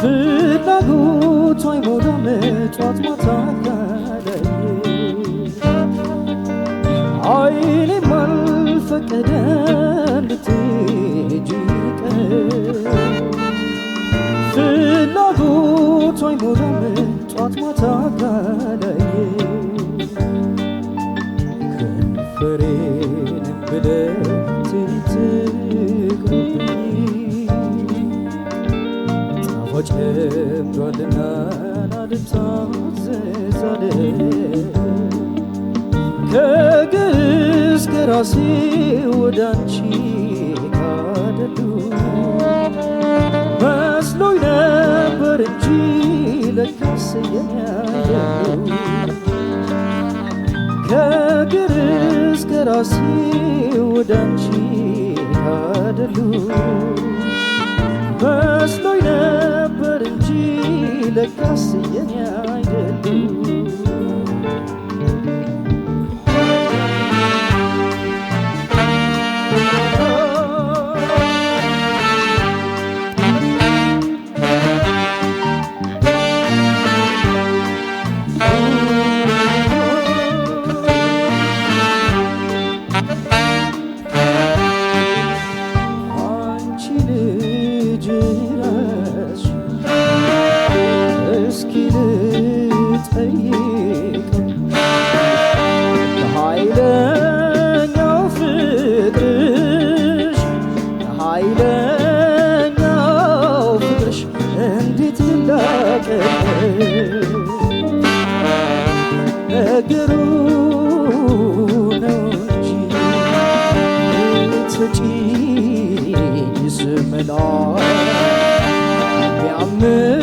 ፍላጎቷ አይሞላ መጫወት ከብዷልና ላልታዘዛል ከግዕዝ ከራሴ ወደ ካደሉ መስሎኝ ነበር እንጂ ለካስ የሚያደሉ ከግዕዝ ከራሴ ወደ ካደሉ መስሎኝ እንጂ ለካስ የኔ አይደሉም ቢያምር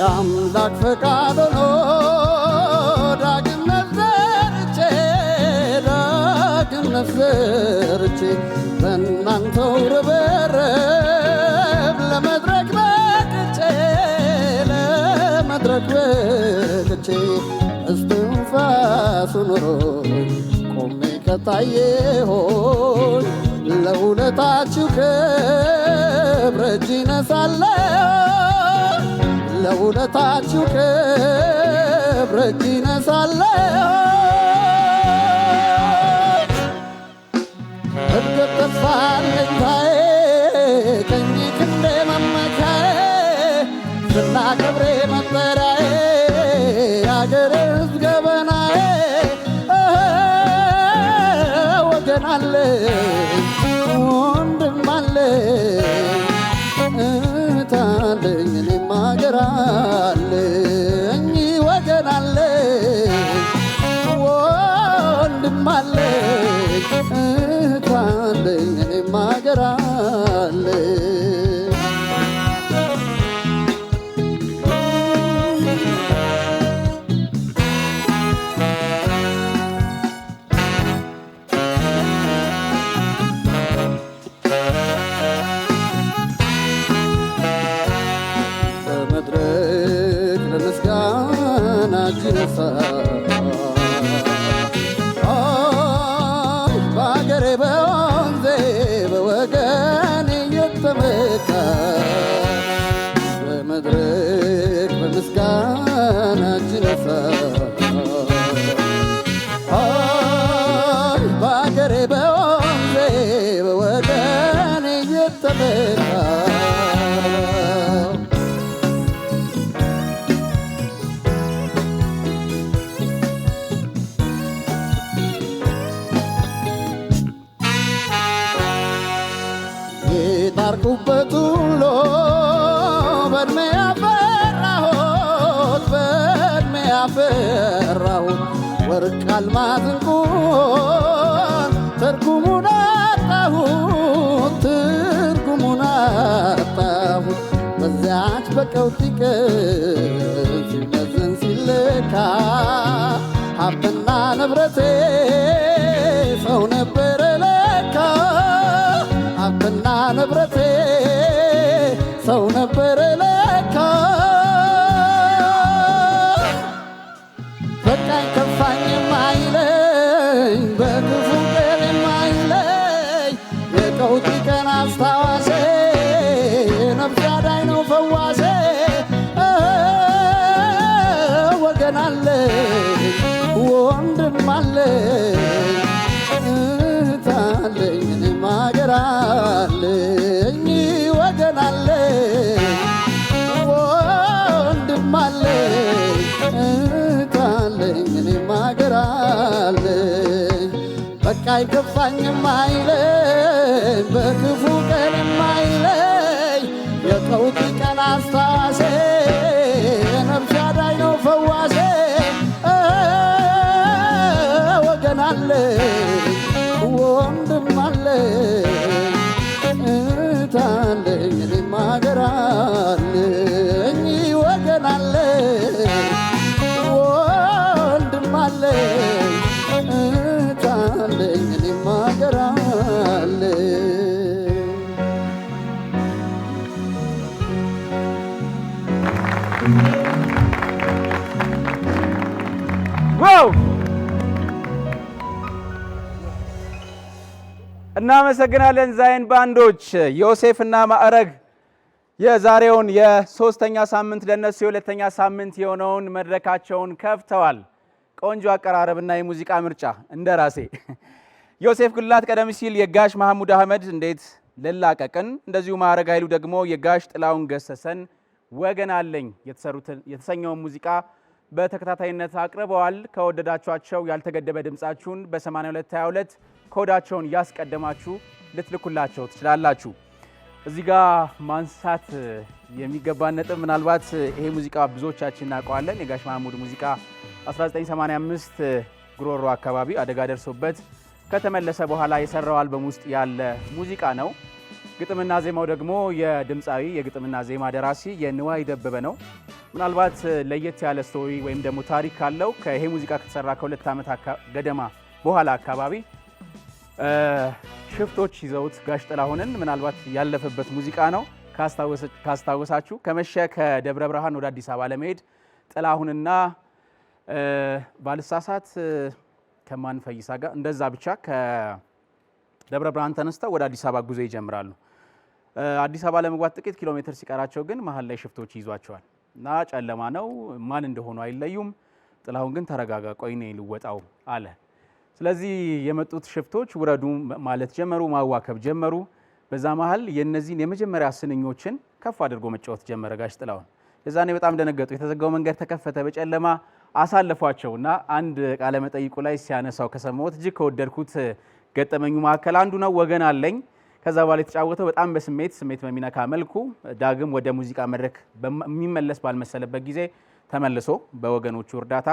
የአምላክ ፈቃድ ሆኖ ዳግም ነበርቼ ዳግም ነበርቼ በእናንተው ርብርብ ለመድረክ በቅቼ ለመድረክ በቅቼ እስትንፋሱ ኑሮ ቆሜ ከታየሆን ለውለታችሁ ክብር እጅ ነሳለሁ ለውለታችሁ ክብር እጅ እነሳለሁ እድገት ተስፋ አለኝታዬ ቀኝ ክንዴ መመኪያዬ ዝና ክብሬ መጠሪያዬ የአገር ሕዝብ ገበናዬ ወገን አለኝ ማዝንቆ ትርጉሙን አጣሁት ትርጉሙን አጣሁት በዚያች በቀውጢ ቀን ሲመዘን ሲለካ ሀብትና ንብረቴ ሰው ነበረ ለካ ሀብትና ንብረቴ ሰው ነበረ አይከፋኝም አይለኝ በክፉ ቀን የማይለይ የቀውጢ ቀን አስታሴ እናመሰግናለን። ዛይን ባንዶች ዮሴፍና ማዕረግ የዛሬውን የሶስተኛ ሳምንት ለእነሱ የሁለተኛ ሳምንት የሆነውን መድረካቸውን ከፍተዋል። ቆንጆ አቀራረብና የሙዚቃ ምርጫ እንደ ራሴ ዮሴፍ ጉልላት ቀደም ሲል የጋሽ መሐሙድ አህመድ እንዴት ልላቀቅን፣ እንደዚሁ ማዕረግ ኃይሉ ደግሞ የጋሽ ጥላውን ገሰሰን ወገን አለኝ የተሰኘውን ሙዚቃ በተከታታይነት አቅርበዋል። ከወደዳችኋቸው ያልተገደበ ድምፃችሁን በ8222 ኮዳቸውን ያስቀደማችሁ ልትልኩላቸው ትችላላችሁ። እዚህ ጋር ማንሳት የሚገባ ነጥብ ምናልባት ይሄ ሙዚቃ ብዙዎቻችን እናውቀዋለን። የጋሽ ማህሙድ ሙዚቃ 1985 ጉሮሮ አካባቢ አደጋ ደርሶበት ከተመለሰ በኋላ የሰራው አልበም ውስጥ ያለ ሙዚቃ ነው። ግጥምና ዜማው ደግሞ የድምፃዊ የግጥምና ዜማ ደራሲ የንዋይ ደበበ ነው። ምናልባት ለየት ያለ ስቶሪ ወይም ደግሞ ታሪክ ካለው ይሄ ሙዚቃ ከተሰራ ከሁለት ዓመት ገደማ በኋላ አካባቢ ሽፍቶች ይዘውት ጋሽ ጥላሁንን ምናልባት ያለፈበት ሙዚቃ ነው። ካስታወሳችሁ ከመሸ ከደብረ ብርሃን ወደ አዲስ አበባ ለመሄድ ጥላሁንና ባልሳሳት ከማን ፈይሳ ጋር እንደዛ ብቻ ከደብረ ብርሃን ተነስተው ወደ አዲስ አበባ ጉዞ ይጀምራሉ። አዲስ አበባ ለመግባት ጥቂት ኪሎ ሜትር ሲቀራቸው ግን መሀል ላይ ሽፍቶች ይዟቸዋል። እና ጨለማ ነው፣ ማን እንደሆኑ አይለዩም። ጥላሁን ግን ተረጋጋ፣ ቆይ እኔ ልወጣው አለ። ስለዚህ የመጡት ሽፍቶች ውረዱ ማለት ጀመሩ፣ ማዋከብ ጀመሩ። በዛ መሀል የእነዚህን የመጀመሪያ ስንኞችን ከፍ አድርጎ መጫወት ጀመረ ጋሽ ጥላሁን። የዛኔ በጣም ደነገጡ። የተዘጋው መንገድ ተከፈተ፣ በጨለማ አሳለፏቸው እና አንድ ቃለ መጠይቁ ላይ ሲያነሳው ከሰማሁት እጅግ ከወደድኩት ገጠመኙ መካከል አንዱ ነው። ወገን አለኝ ከዛ በኋላ የተጫወተው በጣም በስሜት ስሜት በሚነካ መልኩ ዳግም ወደ ሙዚቃ መድረክ የሚመለስ ባልመሰለበት ጊዜ ተመልሶ በወገኖቹ እርዳታ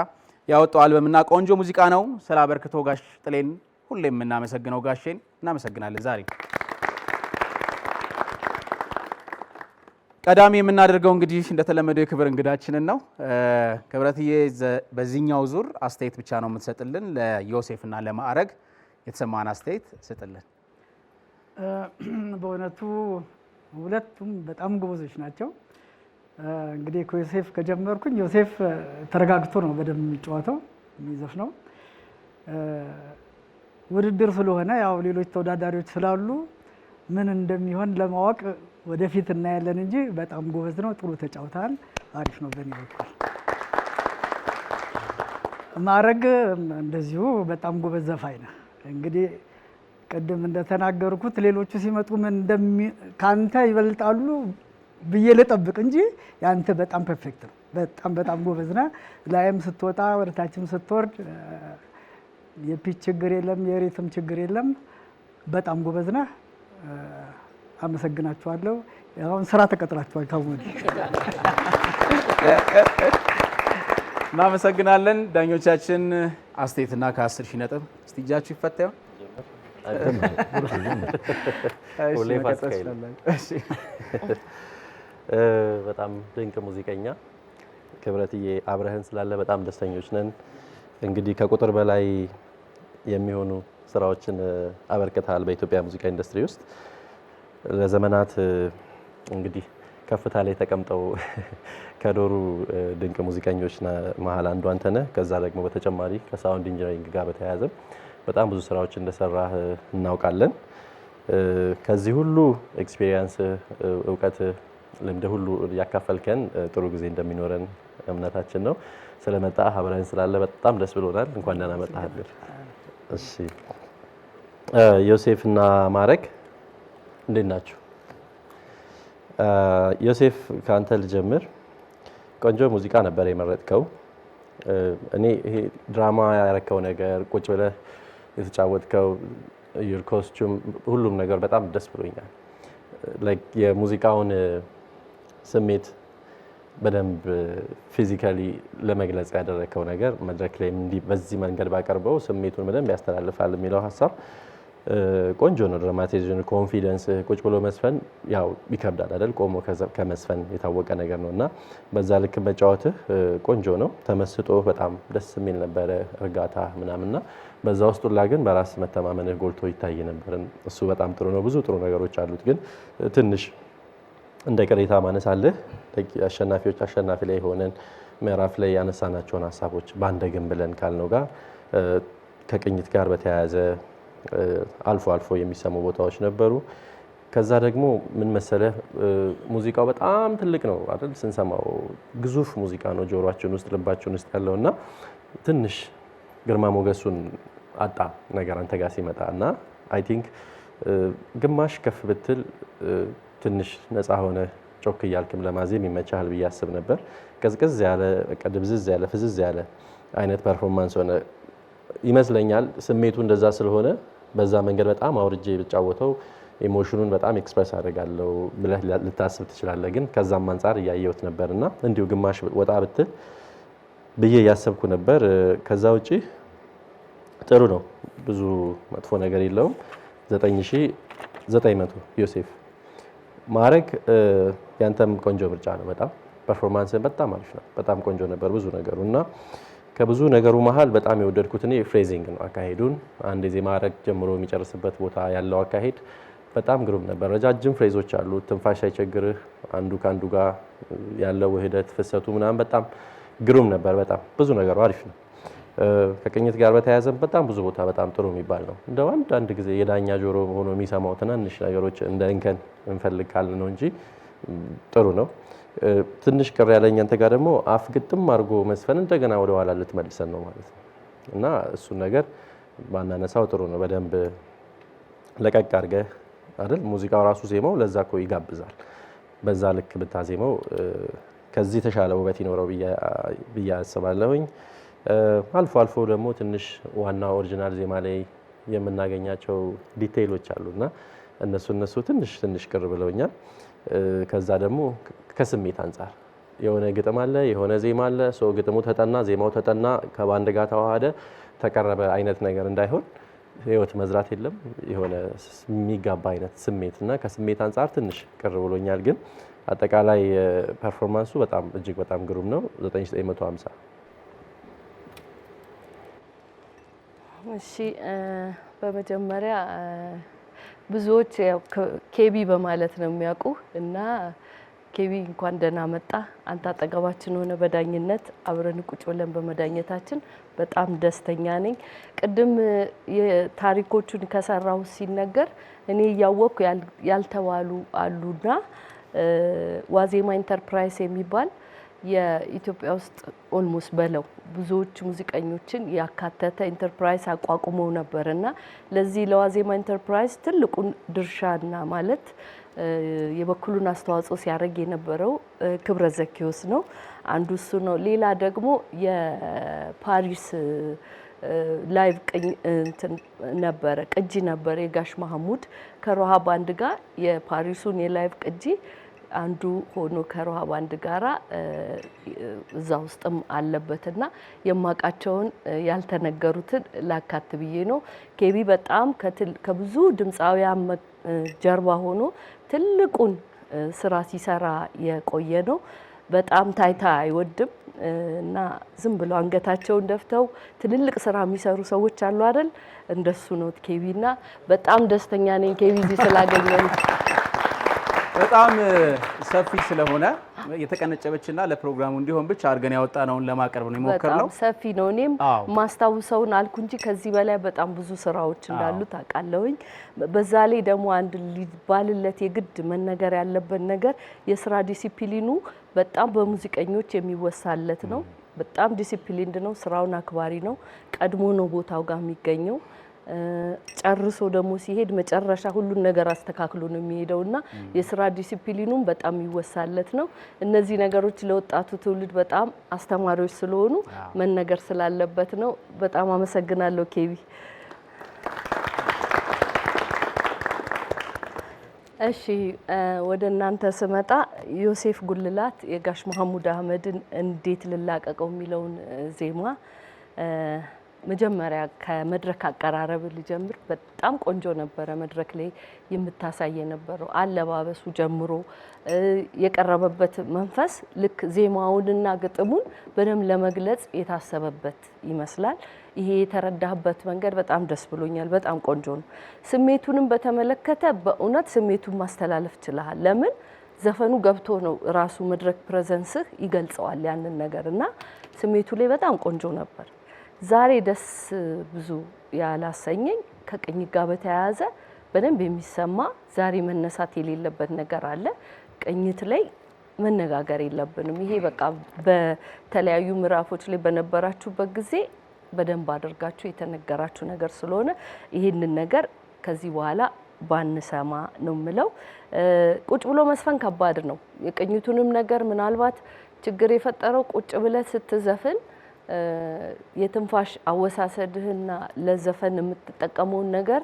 ያወጣው አልበምና ቆንጆ ሙዚቃ ነው። ስለ አበርክቶ ጋሽ ጥሌን ሁሌም የምናመሰግነው ጋሼን እናመሰግናለን። ዛሬ ቀዳሚ የምናደርገው እንግዲህ እንደተለመደው የክብር እንግዳችንን ነው። ክብረትዬ በዚህኛው ዙር አስተያየት ብቻ ነው የምትሰጥልን። ለዮሴፍና ለማዕረግ የተሰማን አስተያየት ስጥልን። በእውነቱ ሁለቱም በጣም ጎበዞች ናቸው። እንግዲህ ከዮሴፍ ከጀመርኩኝ ዮሴፍ ተረጋግቶ ነው በደንብ የሚጫወተው ነው። ውድድር ስለሆነ ያው ሌሎች ተወዳዳሪዎች ስላሉ ምን እንደሚሆን ለማወቅ ወደፊት እናያለን እንጂ በጣም ጎበዝ ነው። ጥሩ ተጫውታል። አሪፍ ነው። በእኔ በኩል ማዕረግ እንደዚሁ በጣም ጎበዝ ዘፋኝ ነው እንግዲህ ቅድም እንደተናገርኩት ሌሎቹ ሲመጡ ምን ከአንተ ይበልጣሉ ብዬ ልጠብቅ እንጂ ያንተ በጣም ፐርፌክት ነው። በጣም በጣም ጎበዝ ነህ። ላይም ስትወጣ ወደታችም ስትወርድ የፒች ችግር የለም፣ የሪትም ችግር የለም። በጣም ጎበዝ ነህ። አመሰግናችኋለሁ። አሁን ስራ ተቀጥራችኋል። ካሁን እናመሰግናለን። ዳኞቻችን አስተያየትና ከአስር ሺህ ነጥብ እስቲ እጃችሁ ይፈታ። በጣም ድንቅ ሙዚቀኛ ክብረትዬ፣ አብረህን ስላለ በጣም ደስተኞች ነን። እንግዲህ ከቁጥር በላይ የሚሆኑ ስራዎችን አበርክተሃል በኢትዮጵያ ሙዚቃ ኢንዱስትሪ ውስጥ ለዘመናት እንግዲህ ከፍታ ላይ ተቀምጠው ከዶሩ ድንቅ ሙዚቀኞች መሀል አንዱ አንተ ነህ። ከዛ ደግሞ በተጨማሪ ከሳውንድ ኢንጂነሪንግ ጋር በተያያዘ በጣም ብዙ ስራዎች እንደሰራ እናውቃለን። ከዚህ ሁሉ ኤክስፔሪየንስ፣ እውቀት፣ ልምድ ሁሉ ያካፈልከን ጥሩ ጊዜ እንደሚኖረን እምነታችን ነው። ስለመጣ አብረን ስላለ በጣም ደስ ብሎናል። እንኳን ደህና መጣህልን። እሺ እና ማረክ እንዴት ናችሁ? ዮሴፍ ከአንተ ልጀምር። ቆንጆ ሙዚቃ ነበር የመረጥከው። እኔ ይሄ ድራማ ያረከው ነገር ቁጭ ብለህ የተጫወትከው ዩር ኮስቹም ሁሉም ነገር በጣም ደስ ብሎኛል። የሙዚቃውን uh, ስሜት በደንብ ፊዚካሊ ለመግለጽ ያደረግከው ነገር መድረክ ላይ በዚህ መንገድ ባቀርበው ስሜቱን በደንብ ያስተላልፋል የሚለው ሀሳብ ቆንጆ ነው ድራማታይዜሽን ኮንፊደንስ ቁጭ ብሎ መስፈን ያው ይከብዳል አይደል? ቆሞ ከመስፈን የታወቀ ነገር ነው እና በዛ ልክ መጫወትህ ቆንጆ ነው። ተመስጦ በጣም ደስ የሚል ነበረ፣ እርጋታ ምናምንና በዛ ውስጥ ላ ግን በራስ መተማመንህ ጎልቶ ይታይ ነበር። እሱ በጣም ጥሩ ነው። ብዙ ጥሩ ነገሮች አሉት። ግን ትንሽ እንደ ቅሬታ ማነሳለህ አሸናፊዎች አሸናፊ ላይ ሆነን ምዕራፍ ላይ ያነሳናቸውን ሀሳቦች በአንድ ብለን ካልነው ጋር ከቅኝት ጋር በተያያዘ አልፎ አልፎ የሚሰሙ ቦታዎች ነበሩ። ከዛ ደግሞ ምን መሰለህ ሙዚቃው በጣም ትልቅ ነው አይደል? ስንሰማው ግዙፍ ሙዚቃ ነው ጆሮአችን ውስጥ ልባችን ውስጥ ያለው እና ትንሽ ግርማ ሞገሱን አጣ ነገር አንተ ጋር ሲመጣ እና አይ ቲንክ ግማሽ ከፍ ብትል ትንሽ ነፃ ሆነ ጮክ እያልክም ለማዜም ይመቻል ብዬ አስብ ነበር። ቅዝቅዝ ያለ ድብዝዝ ያለ ፍዝዝ ያለ አይነት ፐርፎርማንስ ሆነ ይመስለኛል ስሜቱ እንደዛ ስለሆነ በዛ መንገድ በጣም አውርጄ ብጫወተው ኢሞሽኑን በጣም ኤክስፕረስ አደርጋለሁ ብለህ ልታስብ ትችላለህ። ግን ከዛም አንጻር እያየሁት ነበር እና እንዲሁ ግማሽ ወጣ ብትል ብዬ እያሰብኩ ነበር። ከዛ ውጪ ጥሩ ነው፣ ብዙ መጥፎ ነገር የለውም። 9900 ዮሴፍ ማረግ ያንተም ቆንጆ ምርጫ ነው። በጣም ፐርፎርማንስን በጣም አሪፍ ነው። በጣም ቆንጆ ነበር ብዙ ነገሩ እና ከብዙ ነገሩ መሀል በጣም የወደድኩት እኔ ፍሬዚንግ ነው። አካሄዱን አንድ የዜማ ረግ ጀምሮ የሚጨርስበት ቦታ ያለው አካሄድ በጣም ግሩም ነበር። ረጃጅም ፍሬዞች አሉ። ትንፋሽ አይቸግርህ፣ አንዱ ከአንዱ ጋር ያለው ውህደት ፍሰቱ ምናምን በጣም ግሩም ነበር። በጣም ብዙ ነገሩ አሪፍ ነው። ከቅኝት ጋር በተያያዘም በጣም ብዙ ቦታ በጣም ጥሩ የሚባል ነው። እንደ አንዳንድ ጊዜ የዳኛ ጆሮ ሆኖ የሚሰማው ትናንሽ ነገሮች እንደ እንከን እንፈልግ ካለ ነው እንጂ ጥሩ ነው። ትንሽ ቅር ያለኝ አንተ ጋር ደግሞ አፍ ግጥም አድርጎ መስፈን እንደገና ወደ ኋላ ልትመልሰን ነው ማለት ነው። እና እሱን ነገር ባናነሳው ጥሩ ነው። በደንብ ለቀቅ አድርገህ አይደል ሙዚቃው ራሱ ዜማው ለዛ እኮ ይጋብዛል። በዛ ልክ ብታዜመው ከዚህ የተሻለ ውበት ይኖረው ብዬ አስባለሁኝ። አልፎ አልፎ ደግሞ ትንሽ ዋና ኦሪጂናል ዜማ ላይ የምናገኛቸው ዲቴይሎች እና እነሱ እነሱ ትንሽ ትንሽ ቅር ብለውኛል። ከዛ ደግሞ ከስሜት አንጻር የሆነ ግጥም አለ፣ የሆነ ዜማ አለ። ግጥሙ ተጠና፣ ዜማው ተጠና፣ ከባንድ ጋር ተዋሃደ፣ ተቀረበ አይነት ነገር እንዳይሆን ህይወት መዝራት የለም የሆነ የሚጋባ አይነት ስሜት እና ከስሜት አንጻር ትንሽ ቅር ብሎኛል። ግን አጠቃላይ ፐርፎርማንሱ በጣም እጅግ በጣም ግሩም ነው። 9950 እሺ በመጀመሪያ ብዙዎች ኬቢ በማለት ነው የሚያውቁ እና ኬቢ እንኳን ደህና መጣ፣ አንተ አጠገባችን ሆነ በዳኝነት አብረን ቁጭ ብለን በመዳኘታችን በጣም ደስተኛ ነኝ። ቅድም ታሪኮቹን ከሰራው ሲነገር እኔ እያወቅኩ ያልተባሉ አሉና ዋዜማ ኢንተርፕራይዝ የሚባል የኢትዮጵያ ውስጥ ኦልሞስት በለው ብዙዎች ሙዚቀኞችን ያካተተ ኢንተርፕራይዝ አቋቁመው ነበር እና ለዚህ ለዋዜማ ኢንተርፕራይዝ ትልቁን ድርሻና ማለት የበኩሉን አስተዋጽኦ ሲያደርግ የነበረው ክብረ ዘኪዎስ ነው። አንዱ እሱ ነው። ሌላ ደግሞ የፓሪስ ላይቭ ነበረ ቅጂ ነበረ የጋሽ ማህሙድ ከሮሃ ባንድ ጋር የፓሪሱን የላይቭ ቅጂ አንዱ ሆኖ ከሮሃ ባንድ ጋራ እዛ ውስጥም አለበትና የማውቃቸውን ያልተነገሩትን ላካት ብዬ ነው። ኬቢ በጣም ከብዙ ድምፃውያን ጀርባ ሆኖ ትልቁን ስራ ሲሰራ የቆየ ነው። በጣም ታይታ አይወድም እና ዝም ብሎ አንገታቸውን ደፍተው ትልልቅ ስራ የሚሰሩ ሰዎች አሉ አይደል? እንደሱ ነው ኬቢና በጣም ደስተኛ ነኝ ኬቢ ስላገኘን። በጣም ሰፊ ስለሆነ የተቀነጨበችና ለፕሮግራሙ እንዲሆን ብቻ አድርገን ያወጣነውን ለማቅረብ ነው የሞከርነው። ሰፊ ነው። እኔም ማስታውሰውን አልኩ እንጂ ከዚህ በላይ በጣም ብዙ ስራዎች እንዳሉ ታውቃለሁኝ። በዛ ላይ ደግሞ አንድ ሊባልለት የግድ መነገር ያለበት ነገር የስራ ዲሲፕሊኑ በጣም በሙዚቀኞች የሚወሳለት ነው። በጣም ዲሲፕሊንድ ነው። ስራውን አክባሪ ነው። ቀድሞ ነው ቦታው ጋር የሚገኘው ጨርሶ ደግሞ ሲሄድ መጨረሻ ሁሉን ነገር አስተካክሎ ነው የሚሄደው እና የስራ ዲሲፕሊኑም በጣም ይወሳለት ነው። እነዚህ ነገሮች ለወጣቱ ትውልድ በጣም አስተማሪዎች ስለሆኑ መነገር ስላለበት ነው። በጣም አመሰግናለሁ ኬቢ። እሺ ወደ እናንተ ስመጣ ዮሴፍ ጉልላት የጋሽ መሐሙድ አህመድን እንዴት ልላቀቀው የሚለውን ዜማ መጀመሪያ ከመድረክ አቀራረብ ልጀምር። በጣም ቆንጆ ነበረ መድረክ ላይ የምታሳይ የነበረው አለባበሱ ጀምሮ የቀረበበት መንፈስ ልክ ዜማውንና ግጥሙን በደንብ ለመግለጽ የታሰበበት ይመስላል። ይሄ የተረዳህበት መንገድ በጣም ደስ ብሎኛል። በጣም ቆንጆ ነው። ስሜቱንም በተመለከተ በእውነት ስሜቱን ማስተላለፍ ችልሃል። ለምን ዘፈኑ ገብቶ ነው ራሱ መድረክ ፕሬዘንስህ ይገልጸዋል ያንን ነገር እና ስሜቱ ላይ በጣም ቆንጆ ነበር። ዛሬ ደስ ብዙ ያላሰኘኝ ከቅኝት ጋር በተያያዘ በደንብ የሚሰማ ዛሬ መነሳት የሌለበት ነገር አለ። ቅኝት ላይ መነጋገር የለብንም። ይሄ በቃ በተለያዩ ምዕራፎች ላይ በነበራችሁበት ጊዜ በደንብ አድርጋችሁ የተነገራችሁ ነገር ስለሆነ ይህንን ነገር ከዚህ በኋላ ባንሰማ ነው የምለው። ቁጭ ብሎ መስፈን ከባድ ነው። የቅኝቱንም ነገር ምናልባት ችግር የፈጠረው ቁጭ ብለህ ስትዘፍን የትንፋሽ አወሳሰድህና ለዘፈን የምትጠቀመውን ነገር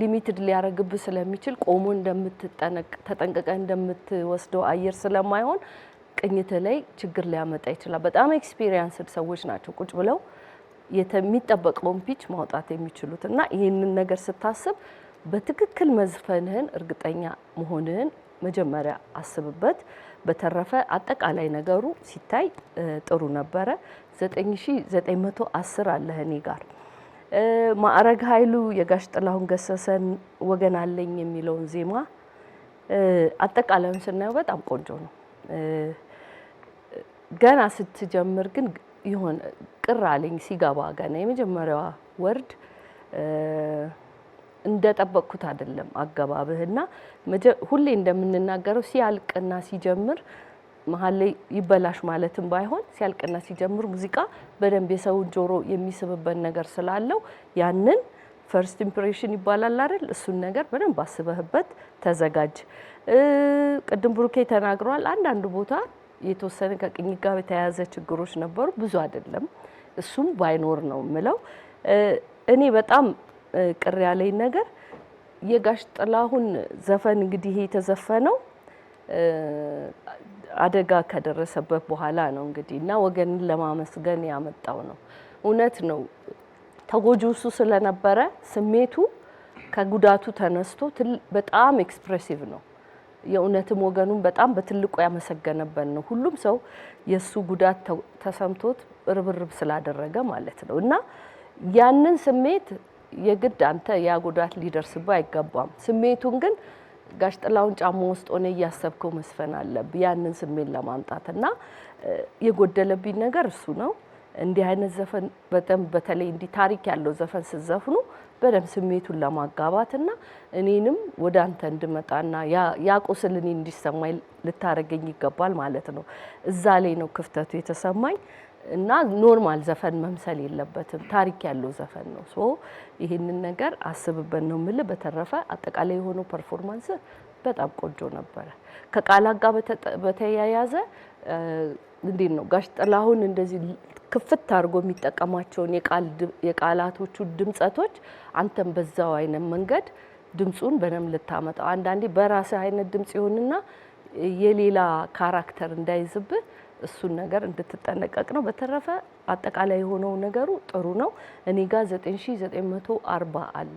ሊሚትድ ሊያደርግብህ ስለሚችል ቆሞ ተጠንቅቀ እንደምትወስደው አየር ስለማይሆን ቅኝት ላይ ችግር ሊያመጣ ይችላል። በጣም ኤክስፒሪየንስድ ሰዎች ናቸው ቁጭ ብለው የሚጠበቀውን ፒች ማውጣት የሚችሉት እና ይህንን ነገር ስታስብ በትክክል መዝፈንህን እርግጠኛ መሆንህን መጀመሪያ አስብበት። በተረፈ አጠቃላይ ነገሩ ሲታይ ጥሩ ነበረ። 9910 አለ እኔ ጋር ማዕረግ ኃይሉ የጋሽ ጥላሁን ገሰሰን ወገን አለኝ የሚለውን ዜማ አጠቃላዩን ስናየው በጣም ቆንጆ ነው። ገና ስትጀምር ግን ይሆን ቅር አለኝ ሲገባ ገና የመጀመሪያዋ ወርድ እንደጠበቅኩት አይደለም አገባብህና ሁሌ እንደምንናገረው ሲያልቅና ሲጀምር መሀል ላይ ይበላሽ ማለትም ባይሆን ሲያልቅና ሲጀምር ሙዚቃ በደንብ የሰውን ጆሮ የሚስብበት ነገር ስላለው ያንን ፈርስት ኢምፕሬሽን ይባላል አይደል? እሱን ነገር በደንብ አስበህበት ተዘጋጅ። ቅድም ብሩኬ ተናግሯል አንዳንድ ቦታ የተወሰነ ከቅኝ ጋር የተያያዘ ችግሮች ነበሩ፣ ብዙ አይደለም። እሱም ባይኖር ነው ምለው እኔ በጣም ቅር ያለኝ ነገር የጋሽ ጥላሁን ዘፈን እንግዲህ የተዘፈነው አደጋ ከደረሰበት በኋላ ነው እንግዲህ እና ወገንን ለማመስገን ያመጣው ነው። እውነት ነው ተጎጂ እሱ ስለነበረ ስሜቱ ከጉዳቱ ተነስቶ በጣም ኤክስፕሬሲቭ ነው። የእውነትም ወገኑን በጣም በትልቁ ያመሰገነበት ነው። ሁሉም ሰው የእሱ ጉዳት ተሰምቶት ርብርብ ስላደረገ ማለት ነው እና ያንን ስሜት የግድ አንተ ያ ጉዳት ሊደርስብህ አይገባም። ስሜቱን ግን ጋሽ ጥላውን ጫማ ውስጥ ሆነ እያሰብከው መስፈን አለብህ ያንን ስሜት ለማምጣት እና የጎደለብኝ ነገር እሱ ነው። እንዲህ አይነት ዘፈን በጣም በተለይ እንዲህ ታሪክ ያለው ዘፈን ስትዘፍኑ በደንብ ስሜቱን ለማጋባትና እኔንም ወደ አንተ እንድመጣና ያ ቁስል እኔ እንዲሰማኝ ልታደርገኝ ይገባል ማለት ነው። እዛ ላይ ነው ክፍተቱ የተሰማኝ። እና ኖርማል ዘፈን መምሰል የለበትም። ታሪክ ያለው ዘፈን ነው። ሶ ይህንን ነገር አስብበት ነው ምል። በተረፈ አጠቃላይ የሆነው ፐርፎርማንስ በጣም ቆንጆ ነበረ። ከቃላት ጋር በተያያዘ እንዴት ነው ጋሽ ጥላሁን እንደዚህ ክፍት አድርጎ የሚጠቀማቸውን የቃላቶቹ ድምጸቶች አንተም በዛው አይነት መንገድ ድምፁን በደንብ ልታመጣው አንዳንዴ በራስህ አይነት ድምፅ ይሆንና የሌላ ካራክተር እንዳይዝብህ እሱን ነገር እንድትጠነቀቅ ነው። በተረፈ አጠቃላይ የሆነው ነገሩ ጥሩ ነው። እኔ ጋ 9940 አለ።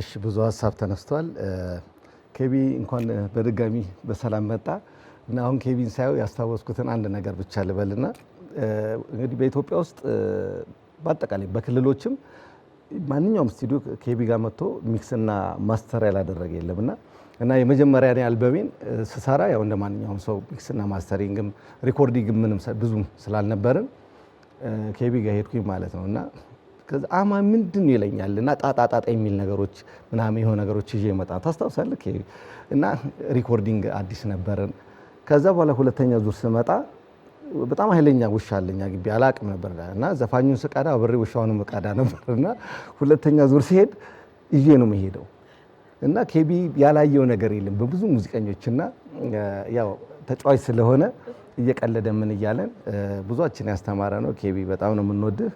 እሺ፣ ብዙ ሀሳብ ተነስቷል። ኬቢ እንኳን በድጋሚ በሰላም መጣ እና አሁን ኬቢን ሳየው ያስታወስኩትን አንድ ነገር ብቻ ልበልና እንግዲህ በኢትዮጵያ ውስጥ በአጠቃላይ በክልሎችም ማንኛውም ስቱዲዮ ኬቢ ጋር መጥቶ ሚክስና ማስተር ያላደረገ የለምና እና የመጀመሪያ አልበሜን ስሰራ ያው እንደ ማንኛውም ሰው ሚክስና ማስተሪንግም ሪኮርዲንግም ምንም ብዙ ስላልነበርን ኬቢ ጋር ሄድኩኝ ማለት ነው እና ከዛ አማ ምንድን ይለኛል እና ጣጣጣጣ የሚል ነገሮች ምናምን የሆነ ነገሮች ይዤ ይመጣ ታስታውሳለህ? እና ሪኮርዲንግ አዲስ ነበርን። ከዛ በኋላ ሁለተኛ ዙር ስመጣ በጣም ኃይለኛ ውሻ አለኛ ግቢ አላቅም ነበር እና ዘፋኙን ስቀዳ አብሬ ውሻውንም እቀዳ ነበር እና ሁለተኛ ዙር ሲሄድ ይዤ ነው የምሄደው እና ኬቢ ያላየው ነገር የለም በብዙ ሙዚቀኞች እና ያው ተጫዋች ስለሆነ እየቀለደ ምን እያለን ብዙችን ያስተማረ ነው። ኬቢ በጣም ነው የምንወድህ።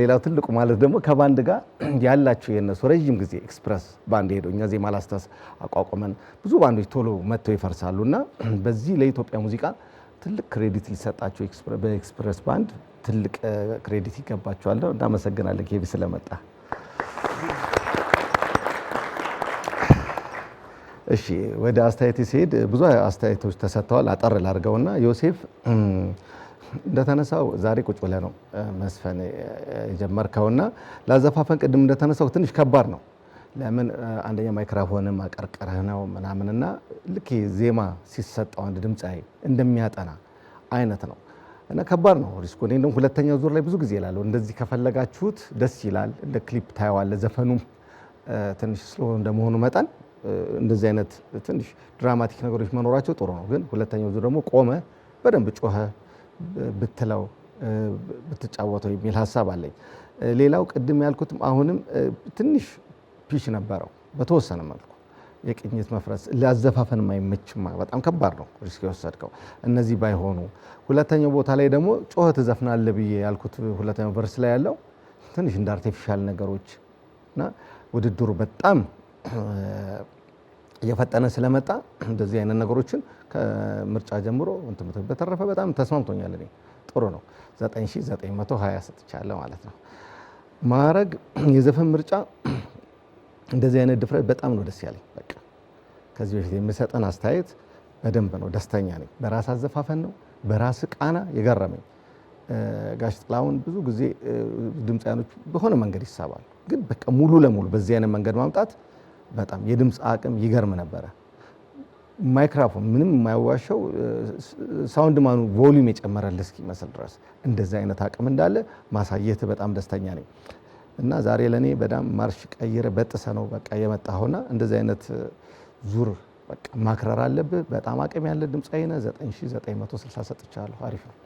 ሌላው ትልቁ ማለት ደግሞ ከባንድ ጋር ያላችሁ የነሱ ረዥም ጊዜ ኤክስፕረስ ባንድ ሄደው እኛ ዜማ ላስታስ አቋቁመን ብዙ ባንዶች ቶሎ መጥተው ይፈርሳሉ እና በዚህ ለኢትዮጵያ ሙዚቃ ትልቅ ክሬዲት ሊሰጣቸው በኤክስፕረስ ባንድ ትልቅ ክሬዲት ይገባቸዋል። እናመሰግናለን ኬቢ ስለመጣ እሺ ወደ አስተያየት ሲሄድ ብዙ አስተያየቶች ተሰጥተዋል። አጠር ላድርገውና ዮሴፍ እንደተነሳው ዛሬ ቁጭ ብለህ ነው መስፈን የጀመርከውና ላዘፋፈን ቅድም እንደተነሳው ትንሽ ከባድ ነው። ለምን አንደኛ ማይክራፎንም አቀርቅረህ ነው ምናምንና ልክ ዜማ ሲሰጠው አንድ ድምፃዊ እንደሚያጠና አይነት ነው እና ከባድ ነው ሪስኩ። እኔ እንደውም ሁለተኛ ዙር ላይ ብዙ ጊዜ እላለሁ እንደዚህ ከፈለጋችሁት ደስ ይላል። እንደ ክሊፕ ታየዋለህ። ዘፈኑም ትንሽ ስለሆነ እንደመሆኑ መጠን እንደዚህ አይነት ትንሽ ድራማቲክ ነገሮች መኖራቸው ጥሩ ነው። ግን ሁለተኛው ዙር ደግሞ ቆመ፣ በደንብ ጮኸ ብትለው ብትጫወተው የሚል ሀሳብ አለኝ። ሌላው ቅድም ያልኩትም አሁንም ትንሽ ፒች ነበረው በተወሰነ መልኩ የቅኝት መፍረስ ሊያዘፋፈን የማይመችማ በጣም ከባድ ነው ሪስክ የወሰድከው። እነዚህ ባይሆኑ ሁለተኛው ቦታ ላይ ደግሞ ጮኸ ትዘፍናለ ብዬ ያልኩት ሁለተኛው ቨርስ ላይ ያለው ትንሽ እንደ አርቲፊሻል ነገሮች እና ውድድሩ በጣም እየፈጠነ ስለመጣ እንደዚህ አይነት ነገሮችን ከምርጫ ጀምሮ በተረፈ በጣም ተስማምቶኛል። እኔ ጥሩ ነው። 9920 ሰጥቻለሁ ማለት ነው። ማዕረግ የዘፈን ምርጫ እንደዚህ አይነት ድፍረት በጣም ነው ደስ ያለኝ። በቃ ከዚህ በፊት የሚሰጠን አስተያየት በደንብ ነው። ደስተኛ ነኝ። በራስ አዘፋፈን ነው በራስ ቃና የገረመኝ ጋሽ ጥላሁን ብዙ ጊዜ ድምፃያኖች በሆነ መንገድ ይሳባሉ፣ ግን በቃ ሙሉ ለሙሉ በዚህ አይነት መንገድ ማምጣት በጣም የድምፅ አቅም ይገርም ነበረ። ማይክራፎን ምንም የማይዋሸው ሳውንድ ማኑ ቮሊዩም የጨመረልህ እስኪመስል ድረስ እንደዚህ አይነት አቅም እንዳለ ማሳየት በጣም ደስተኛ ነኝ እና ዛሬ ለእኔ በጣም ማርሽ ቀይረ በጥሰ ነው በቃ የመጣኸውና እንደዚህ አይነት ዙር በቃ ማክረር አለብህ። በጣም አቅም ያለ ድምፃዊ ነህ። 9960 ሰጥቻለሁ። አሪፍ ነው።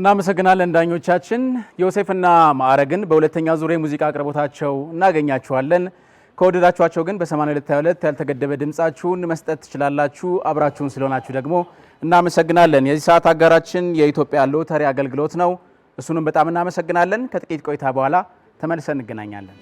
እናመሰግናለን ዳኞቻችን። ዮሴፍና ማዕረግን በሁለተኛ ዙር የሙዚቃ አቅርቦታቸው እናገኛችኋለን። ከወደዳችኋቸው ግን በ8222 ያልተገደበ ድምፃችሁን መስጠት ትችላላችሁ። አብራችሁን ስለሆናችሁ ደግሞ እናመሰግናለን። የዚህ ሰዓት አጋራችን የኢትዮጵያ ሎተሪ አገልግሎት ነው። እሱንም በጣም እናመሰግናለን። ከጥቂት ቆይታ በኋላ ተመልሰን እንገናኛለን።